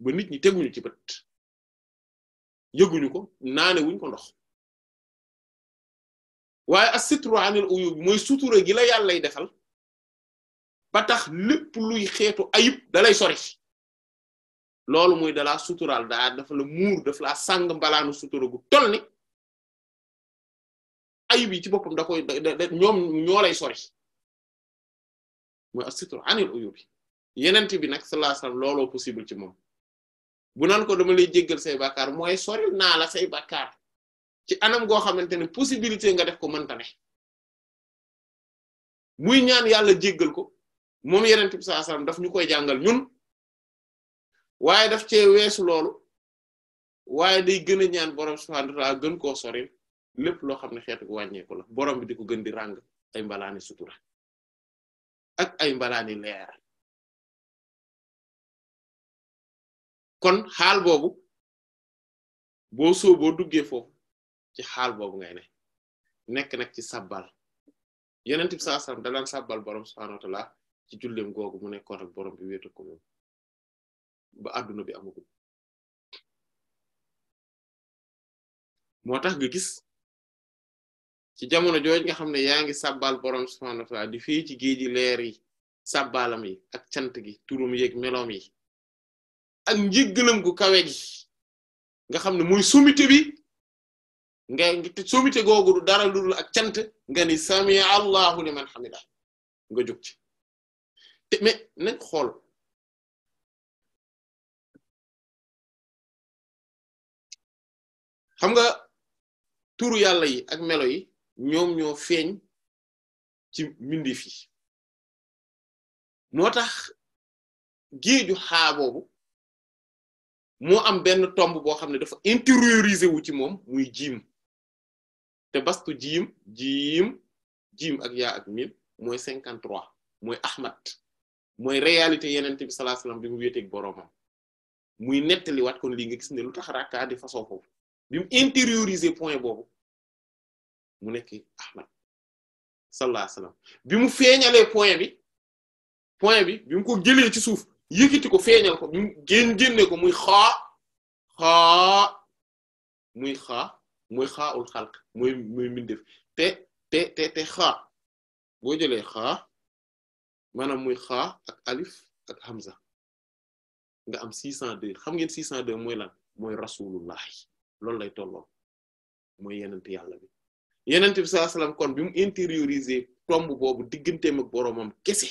ba nit ñi teguñu ci bët yëguñu ko naane wuñ ko ndox waaye as-sitru anil uyub mooy sutura gi la yàlla lay defal ba tax lépp luy xeetu ayib dalay sori. moy muy la sutural da dafa le mur dafa la sang balanu sutura gu tolni ni ayib ci bopam da koy ñom ñolay sori moy as anil uyubi yenent bi nak sallallahu alayhi wasallam lolou possible ci mom bu nan ko dama lay jéggal say bakkar moy sori na la say bakkar ci anam go xamanteni possibilité nga def ko man tane muy ñaan yalla jéggal ko mom yenent bi sallallahu alayhi wasallam daf ñukoy jangal ñun waye daf ci weesu loolu waye day gëna ñaan borom subhanahu wa ta'ala gën sori lepp lo loo xam ne wañé ko la borom bi diko gën di rang ay mbalani sutura ak ay mbalani leer kon halbo bu, bo so bo duggé foofu ci xaal bobu ngay né nekk nak ci sabbal yeneen sallallahu saa wasallam da lan sabbal borom subhanahu wa ta'ala ci jullem gogou mu nekkon ak borom bi wéetu ko ba adduna bi amagul moo tax nga gis ci jamono jooj nga xam ne yaa ngi sàbbal borom subhaanahu wa ta'aala di fii ci géeji leer yi sàbbalam yi ak cant gi turum yeeg meloom yi ak njëggalam gu kawe gi nga xam ne muy sommité bi nga sommité googu du dara ludul ak cant nga ni sami allahu liman hamida nga jóg ci te mais xool xam nga turu yàlla yi ak melo yi ñoom ñoo feeñ ci mbindeef yi moo tax géeju xaa boobu moo am benn tomb boo xam ne dafa intériorisé wu ci moom muy jiim te bastu jiim jiim jiim ak yaa ak mil mooy cinquante trois mooy Ahmad mooy réalité yenente bi sallallahu alayhi wasallam bi mu wéeteeg boroomam muy nettaliwaat kon lii nga gis ne lu tax rakka di façon foofu bi mu intérioriser point boobu mu nekk Ahmad sallallahu alayhi wasallam bi mu feeñalee point bi point bi bi ko jëlee ci suuf yëkkati ko feeñal ko bi mu génn ko muy xaa xaa muy xaa muy xaa ul xalq muy muy mbindeef te te te xaa boo jëlee xaa maanaam muy xaa ak alif ak hamza nga am 602 xam ngeen 602 mooy lan mooy rasulullah loolu lay tolloo mooy yenent yàlla bi yenent bi sallallahu alayhi kon bi mu intérioriser tomb boobu digganteem ak boroomam kese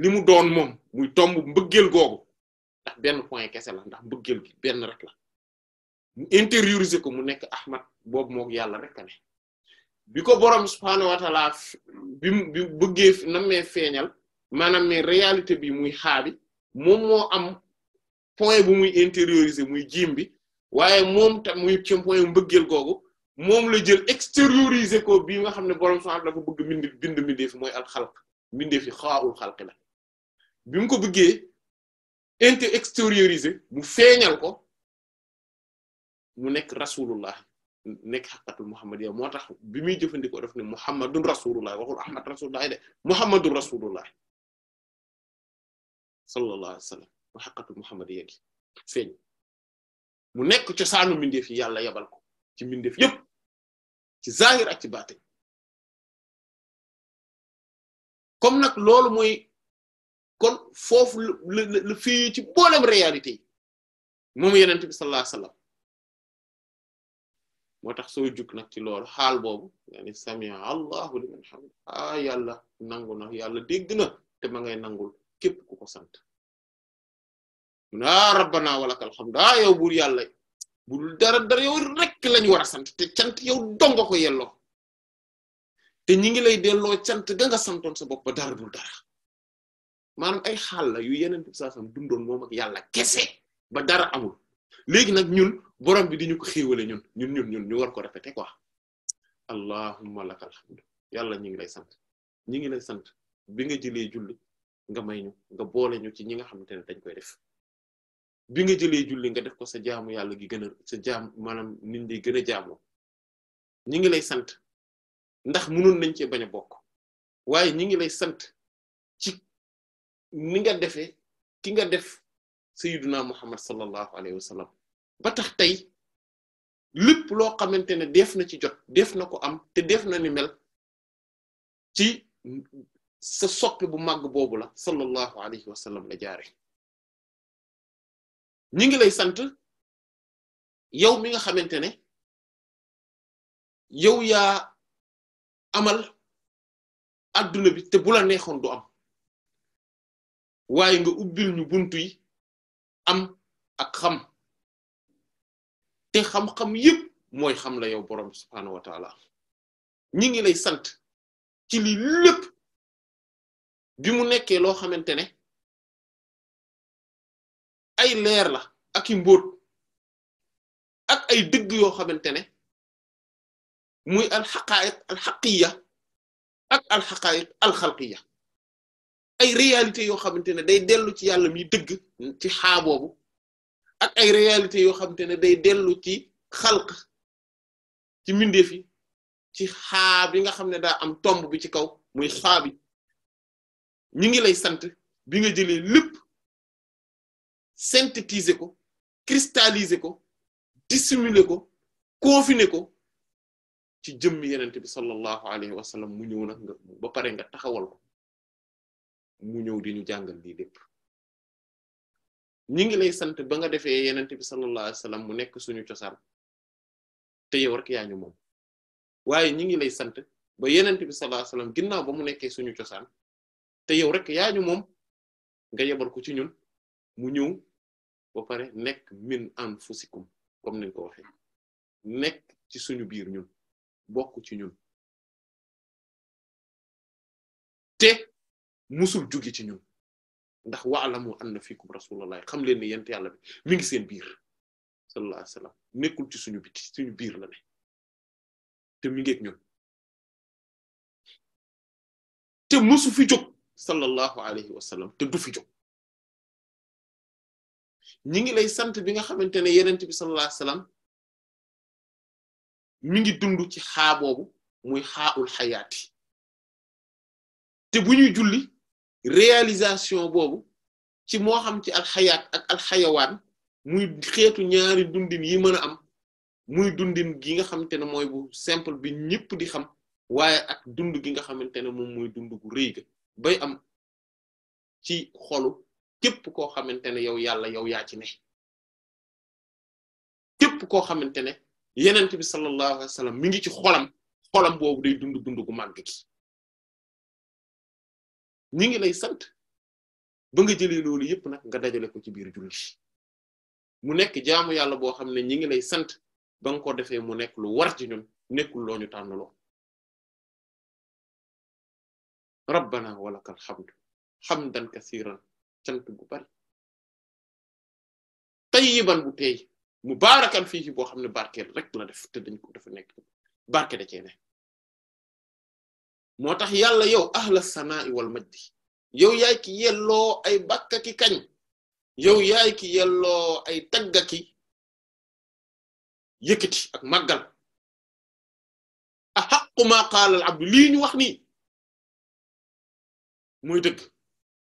li mu doon moom muy tomb mbëggeel googu ndax benn point kese la ndax mbëggeel gi benn rek la intérioriser ko mu nekk Ahmad boobu mook yàlla rek bi ko boroom subhaanahu bi mu bi na mee feeñal maanaam réalité bi muy xaabi moom moo am point bu muy intérioriser muy jiim bi waye mom tam muy ci point mbëggeel gogou mom la jël extérioriser ko bi nga xamné borom subhaanahu dafa bëgg bind bind fi moy al khalq mbindeef fi khaul xalq la bi mu ko bëggé inte extérioriser mu feeñal ko mu nek rasulullah nek haqqatul muhammadiyya moo tax bi muy jëfëndiko daf ne muhammadun rasulullah waxul ahmad rasulullah de muhammadun rasulullah sallallahu alayhi wasallam wa haqqatul muhammadiyya gi feeñ mu nekk cosaanu mbindeef yi yàlla yabal ko ci mbindeef yépp ci zahir ak ci baatin kom nag loolu mooy kon foofu la la fii ci boolem réalité yi moom yeneen bi sallallahu alayhi moo tax soo jug nag ci lool xaal boobu yani samia allahu liman hamd ah yàlla nangu na yàlla dégg na te ma ngay nangul képp ku ko sant na rabbana walakal hamda yow bur yalla bur dara dara yow rek lañ wara sant te cant yow dongo ko yello te ñi ngi lay delo cant ga nga santon sa bop dara dara ay xal la yu yenen bi saa dundon mom ak yalla kese ba dara amul legi nak ñun borom bi di ñu ko xéewale ñun ñun ñun ñun ñu war ko répéter quoi allahumma lakal hamd yalla ya ñi ngi lay sant ñi ngi lay sant bi nga jilé julli nga may ñu nga boole ñu ci ñi nga xamantene dañ koy def bi nga jëlé julli nga def ko sa jaamu yalla gi gëna sa jaam manam nit ñi gën ñi ngi lay sant ndax mënoon nañ ci baña bok waye ñi ngi lay sant ci ni nga défé ki nga def sayyiduna muhammad sallallahu alayhi wasallam batas ba tax tay lepp lo xamantene def na ci jot def na ko am te def na ni mel ci sa soppe bu mag bobu la sallallahu alayhi wasallam la jaaree ñi ngi lay sant yow mi nga xamante ne yow yaa amal adduna bi te bu la neexoon du am waaye nga ubbil ñu buntu yi am ak xam te xam-xam yépp mooy xam la yow boroom subhaanahu wa taala ngi lay sant ci lii lépp bi mu nekkee loo xamante ne ay leer la ak ak ay dëgg yoo xamante ne muy alxaqaayiq alxaqiya ak alxaqaayiq alxalqiya ay réalité yoo xamante ne day dellu ci yàlla mi dëgg ci xaa ak ay réalité yoo xamante ne day dellu ci xalq ci mbindeef ci xaa bi nga xam ne daa am tomb bi ci kaw muy xaa bi ngi lay sant bi nga jëlee lépp synthétiser ko cristalliser ko dissimuler ko confiner ko ci jëmm yenent bi sallallahu alayhi wa sallam mu ñëw na ba pare nga taxawal ko mu ñëw di ñu jàngal lii lépp ñi ngi lay sant ba nga defee yenent bi sallallahu alayhi mu nekk suñu cosaan te yow rek yaa ñu waaye ñi ngi lay sant ba yenent bi sallallahu ginnaaw ba mu nekkee suñu cosaan te yow rek yaa moom nga yebal ko ci ñun mu ñëw ba pare nekk min anfusikum comme ni nga ko ci suñu biir ñun bokk ci ñun te musul jóge ci ñun ndax wa'lamu anna fiikum rasulullahi xam leen ni yent yàlla bi mi ngi seen biir sallallahu alayhi nekkul ci suñu biti suñu biir la ne te mi ngeeg ñun te musu fi jóg sallallahu alayhi wa te du fi jóg ñi ngi lay sant bi nga xamante ne yenent bi sallallahu alayhi wasallam mi ngi dundu ci xaa boobu muy xaaul xayaati te bu ñuy julli réalisation boobu ci moo xam ci alxayaat ak alxayawaan muy xeetu ñaari dundin yi mën a am muy dundin gi nga xamante ne mooy bu simple bi ñëpp di xam waaye ak dund gi nga xamante ne moom mooy dund gu rëy bay am ci xoolu képp koo xamante ne yow yàlla yow yaa ci ne képp koo xamante ne yenent bi sallallahu alayhi wa mi ngi ci xolam xoolam boobu day dund dund gu màgg gi ñi ngi lay sant ba nga jëlee loolu yépp nag nga dajale ko ci biir julli mu nekk jaamu yàlla boo xam ne ñi ngi lay sant ba nga ko defee mu nekk lu war ci ñun nekkul loo ñu tànnaloo rabbana walakal hamdu hamdan kasiran cant bu bari tayyiban bu tey mubaarakan fii boo xam ne barkeel rek la def te dañ ko dafa nekk barke da cee moo tax yàlla yow ahla sanaa'i wal majdi yow yaay ki yelloo ay bakka ki kañ yow yaay ki yelloo ay tagga ki yëkkati ak màggal a xaqu maa abdu lii wax nii muy dëgg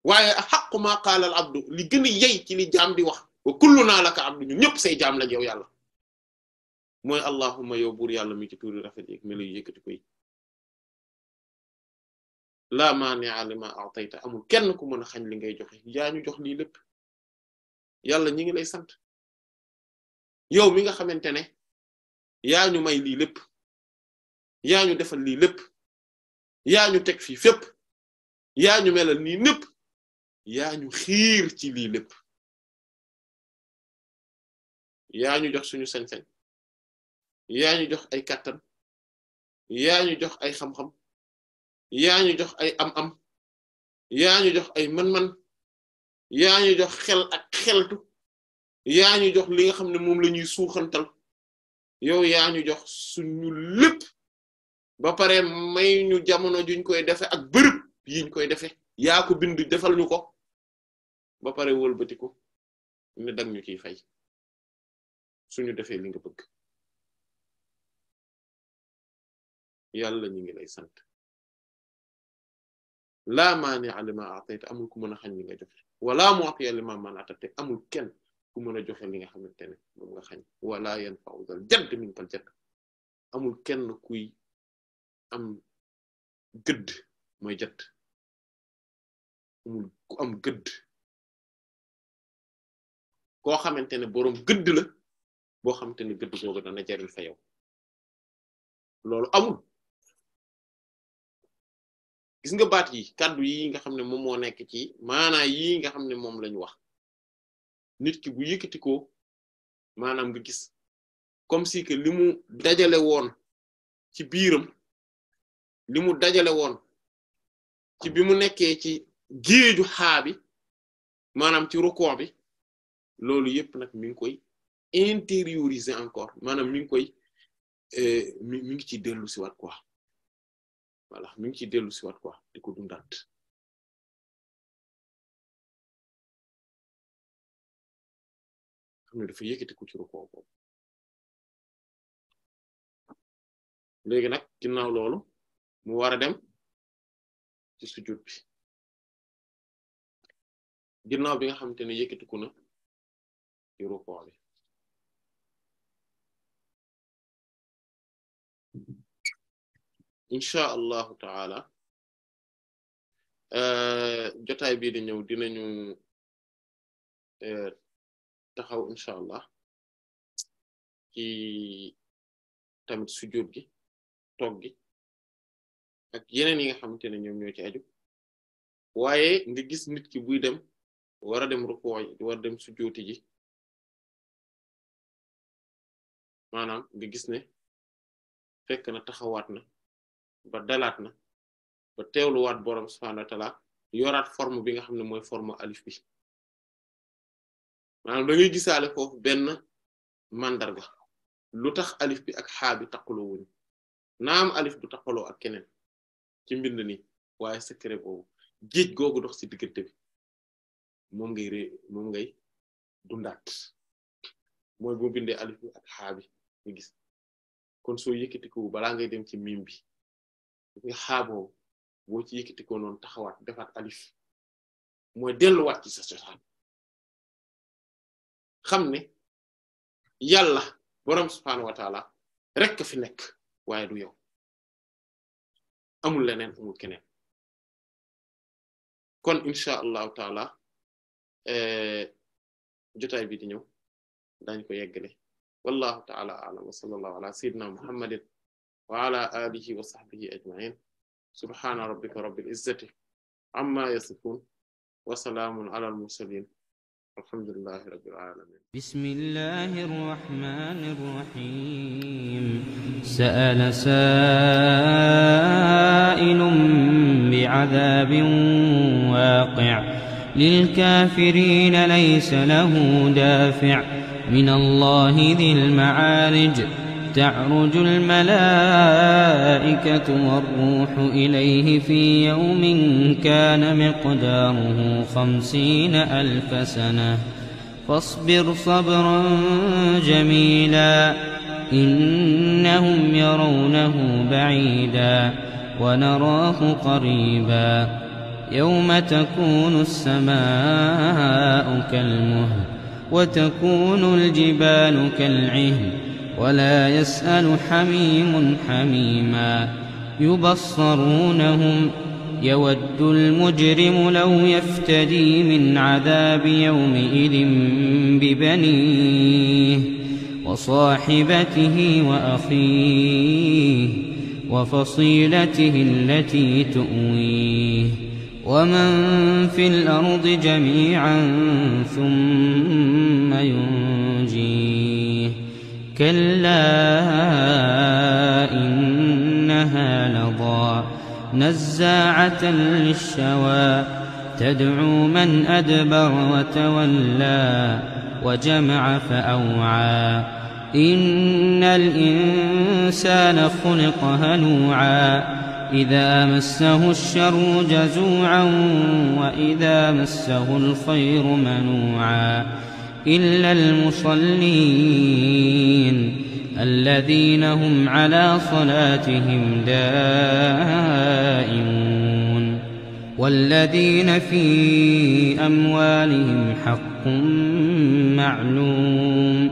waye haq ma qala al abd li gëna yey ci li jam di wax wa kulluna lak abd ñu ñep say jam la yow yàlla moy allahumma yow bur yàlla mi ci turu rafet yi melu yëkëti koy laa maani'a limaa a'tayta amul kenn ku mëna a xañ li ngay joxe ya ñu jox li lépp yàlla ñi ngi lay sant yow mi nga xamantene ya ñu may li lépp ya ñu defal li lépp ya ñu tek fi fep ya ñu melal ni népp yaa ñu xiir ci lii lépp yaa ñu jox suñu sañ-sañ yaa ñu jox ay kàttan yaa ñu jox ay xam-xam yaa ñu jox ay am-am yaa ñu jox ay man man yaa ñu jox xel ak xeltu yaa ñu jox li nga xam ne moom lañuy suuxantal yow yaa ñu jox suñu lépp ba pare may ñu jamono juñ koy defe ak bërëb yiñ koy defe yaa ko bind defal ñu ko ba pare wëlbatiku ne dag ñu ciy fay suñu defee li nga bëgg yàlla ñu ngi lay sant laa maani'a limaa a'tayta amul ku mën a xañ li nga joxe wala mu'tiya a mana'ta te amul kenn ku mën a joxe li nga xamante ne moom nga xañ wala yanfa'u zal jadd minkal jadd amul kenn kuy am gëdd mooy jadd am gëdd koo xamante ne boroom gëdd la boo xamante ne gëdd googu dana jariñ fa yow loolu amul gis nga baat yi kàddu yi nga xam ne moom moo nekk ci maanaa yi nga xam ne moom lañu wax nit ki bu yëkkati ko maanaam nga gis comme si que li mu dajale ci biiram limu mu dajale woon ci bi mu nekkee ci géeju xaa bi maanaam ci rukkoo bi loolu yëpp nag mi ngi koy intérioriser encore maanaam mi ngi koy euh, mi mi ngi ciy dellu si waat quoi mi ngi ciy dellu si waat quoi di ko dundaat xam ne dafa yëkkati ku ci rukoo boobu léegi nag ginnaaw loolu mu war a dem ci sujud bi ginnaaw bi nga xamante ne yëkkatiku na ci rukoo bi incha allahu taala eh, jotaay bii di ñëw dinañu eh, taxaw incha allah ci tamit sujud gi toog gi ak yeneen yi nga xamante ne ñoom aju waaye nga gis nit ki buy dem war dem rukoo yi war dem sujooti maanaam nga gis ne fekk na taxawaat na ba dalaat na ba teewluwaat borom subhaanahu wa taala yoraat forme bi nga xam ne mooy formu alif bi maanaam da ngay gisaale foofu benn mandarga lu tax alif bi ak xaa bi taqaloo wuñu naam alif du taqaloo ak keneen ci mbind ni waaye secret boobu géej googu dox ci diggante bi moom ngay ré moom dundaat mooy boo bindee alif bi ak xaa nga gis kon soo yëkkatikuwu balaa ngay dem ci mim bi nga xaaboo boo ci yëkkatikoo noonu taxawaat defaat alif mooy delluwaat ci sa cosaan xam ne yàlla boroom subhaanahu wa taala rekk fi nekk waaye du yow amul leneen amul keneen kon incha allahu taala eh, jotaay bi di ñëw dañ ko yeggale والله تعالى أعلم وصلى الله على سيدنا محمد وعلى آله وصحبه أجمعين سبحان ربك رب العزة عما يصفون وسلام على المرسلين الحمد لله رب العالمين بسم الله الرحمن الرحيم سأل سائل بعذاب واقع للكافرين ليس له دافع من الله ذي المعارج تعرج الملائكة والروح إليه في يوم كان مقداره خمسين ألف سنة فاصبر صبرا جميلا إنهم يرونه بعيدا ونراه قريبا يوم تكون السماء كالمهل وتكون الجبال كالعهن ولا يسأل حميم حميما يبصرونهم يود المجرم لو يفتدي من عذاب يومئذ ببنيه وصاحبته وأخيه وفصيلته التي تؤويه ومن في الأرض جميعا ثم ينجيه كلا إنها لضا نزاعة للشوى تدعو من أدبر وتولى وجمع فأوعى إن الإنسان خلق هلوعا إذا مسه الشر جزوعا وإذا مسه الخير منوعا إلا المصلين الذين هم على صلاتهم دائمون والذين في أموالهم حق معلوم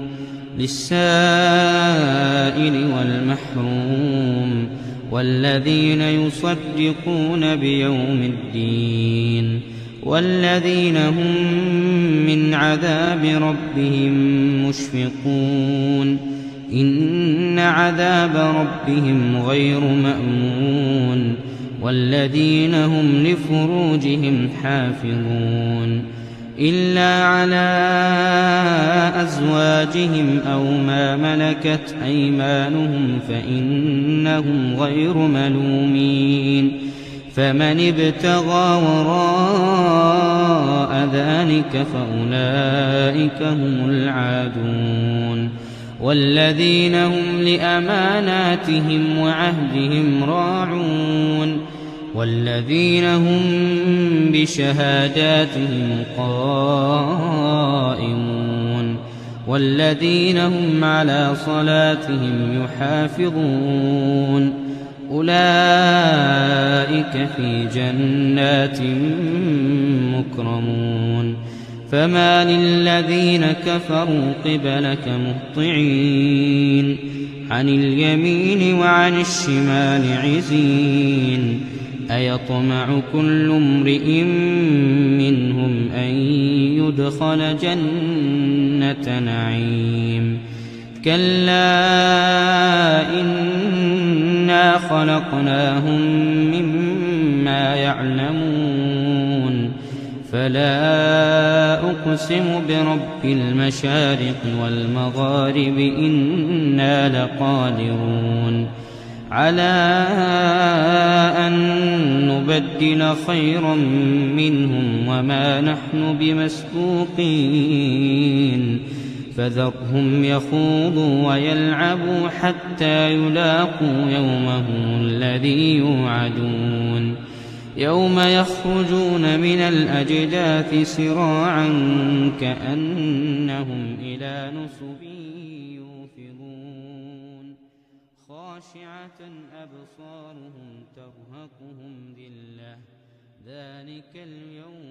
للسائل والمحروم والذين يصدقون بيوم الدين والذين هم من عذاب ربهم مشفقون إن عذاب ربهم غير مأمون والذين هم لفروجهم حافظون إلا على أزواجهم أو ما ملكت أيمانهم فإنهم غير ملومين فمن ابتغى وراء ذلك فأولئك هم العادون والذين هم لأماناتهم وعهدهم راعون والذين هم بشهاداتهم قائمون والذين هم على صلاتهم يحافظون أولئك في جنات مكرمون فما للذين كفروا قبلك مهطعين عن اليمين وعن الشمال عزين أيطمع كل امرئ منهم أن يدخل جنة نعيم كلا إنا خلقناهم مما يعلمون فلا أقسم برب المشارق والمغارب إنا لقادرون على أن نبدل خيرا منهم وما نحن بمسبوقين فذرهم يخوضوا ويلعبوا حتى يلاقوا يومهم الذي يوعدون يوم يخرجون من الأجداث سراعا كأنهم إلى نصب ذلك اليوم